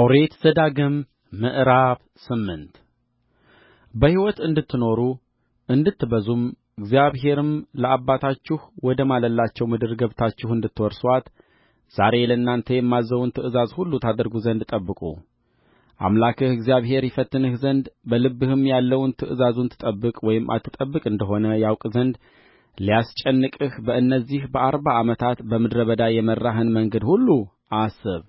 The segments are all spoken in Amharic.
ኦሪት ዘዳግም ምዕራፍ ስምንት በሕይወት እንድትኖሩ እንድትበዙም እግዚአብሔርም ለአባቶቻችሁ ወደ ማለላቸው ምድር ገብታችሁ እንድትወርሱአት ዛሬ ለእናንተ የማዝዘውን ትእዛዝ ሁሉ ታደርጉ ዘንድ ጠብቁ። አምላክህ እግዚአብሔር ይፈትንህ ዘንድ በልብህም ያለውን ትእዛዙን ትጠብቅ ወይም አትጠብቅ እንደሆነ ያውቅ ዘንድ ሊያስጨንቅህ በእነዚህ በአርባ ዓመታት በምድረ በዳ የመራህን መንገድ ሁሉ አስብ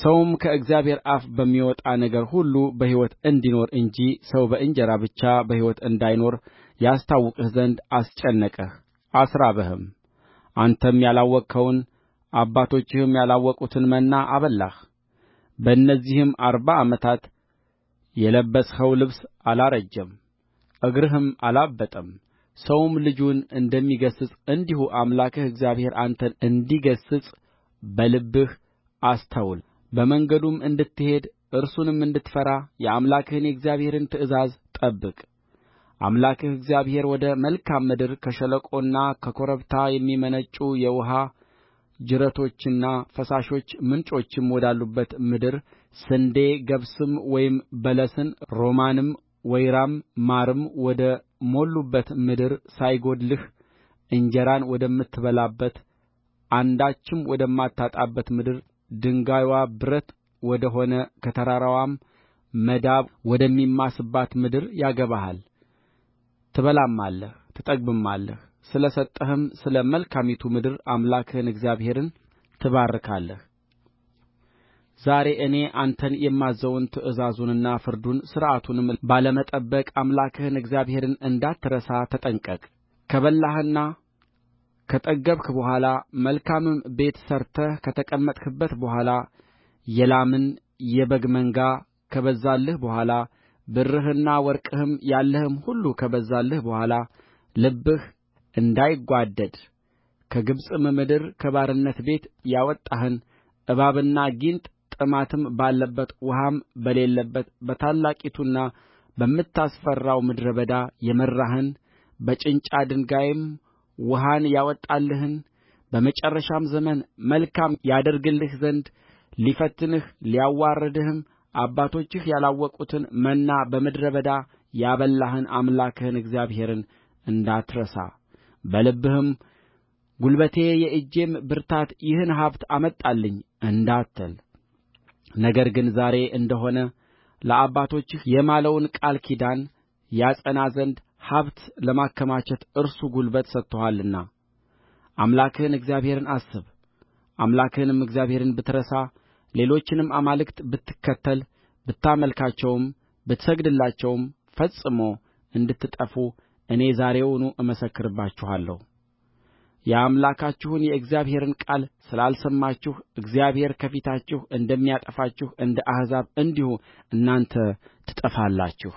ሰውም ከእግዚአብሔር አፍ በሚወጣ ነገር ሁሉ በሕይወት እንዲኖር እንጂ ሰው በእንጀራ ብቻ በሕይወት እንዳይኖር ያስታውቅህ ዘንድ አስጨነቀህ አስራበህም። አንተም ያላወቅኸውን አባቶችህም ያላወቁትን መና አበላህ። በእነዚህም አርባ ዓመታት የለበስኸው ልብስ አላረጀም፣ እግርህም አላበጠም። ሰውም ልጁን እንደሚገሥጽ እንዲሁ አምላክህ እግዚአብሔር አንተን እንዲገሥጽ በልብህ አስተውል። በመንገዱም እንድትሄድ እርሱንም እንድትፈራ የአምላክህን የእግዚአብሔርን ትእዛዝ አምላክህ እግዚአብሔር ወደ መልካም ምድር ከሸለቆና ከኮረብታ የሚመነጩ የውኃ ጅረቶችና ፈሳሾች ምንጮችም ወዳሉባት ምድር ስንዴ ገብስም ወይም በለስን ሮማንም ወይራም ማርም ወደ ሞሉባት ምድር ሳይጎድልህ እንጀራን ወደምትበላበት አንዳችም ወደማታጣባት ምድር ድንጋይዋ ብረት ወደ ሆነ ከተራራዋም መዳብ ወደሚማስባት ምድር ያገባሃል ትበላማለህ ትጠግብማለህ ስለ ሰጠህም ስለ መልካሚቱ ምድር አምላክህን እግዚአብሔርን ትባርካለህ ዛሬ እኔ አንተን የማዝዘውን ትእዛዙንና ፍርዱን ሥርዓቱንም ባለመጠበቅ አምላክህን እግዚአብሔርን እንዳትረሳ ተጠንቀቅ! ከበላህና ከጠገብህ በኋላ መልካምም ቤት ሠርተህ ከተቀመጥህበት በኋላ የላምን የበግ መንጋ ከበዛልህ በኋላ ብርህና ወርቅህም ያለህም ሁሉ ከበዛልህ በኋላ ልብህ እንዳይጓደድ ከግብፅም ምድር ከባርነት ቤት ያወጣህን እባብና ጊንጥ ጥማትም ባለበት ውኃም በሌለበት በታላቂቱና በምታስፈራው ምድረ በዳ የመራህን በጭንጫ ድንጋይም ውኃን ያወጣልህን በመጨረሻም ዘመን መልካም ያደርግልህ ዘንድ ሊፈትንህ ሊያዋርድህም አባቶችህ ያላወቁትን መና በምድረ በዳ ያበላህን አምላክህን እግዚአብሔርን እንዳትረሳ በልብህም ጕልበቴ የእጄም ብርታት ይህን ሀብት አመጣልኝ እንዳትል ነገር ግን ዛሬ እንደ ሆነ ለአባቶችህ የማለውን ቃል ኪዳን ያጸና ዘንድ ሀብት ለማከማቸት እርሱ ጉልበት ሰጥቶሃልና አምላክህን እግዚአብሔርን አስብ አምላክህንም እግዚአብሔርን ብትረሳ ሌሎችንም አማልክት ብትከተል ብታመልካቸውም ብትሰግድላቸውም ፈጽሞ እንድትጠፉ እኔ ዛሬውኑ እመሰክርባችኋለሁ የአምላካችሁን የእግዚአብሔርን ቃል ስላልሰማችሁ እግዚአብሔር ከፊታችሁ እንደሚያጠፋችሁ እንደ አሕዛብ እንዲሁ እናንተ ትጠፋላችሁ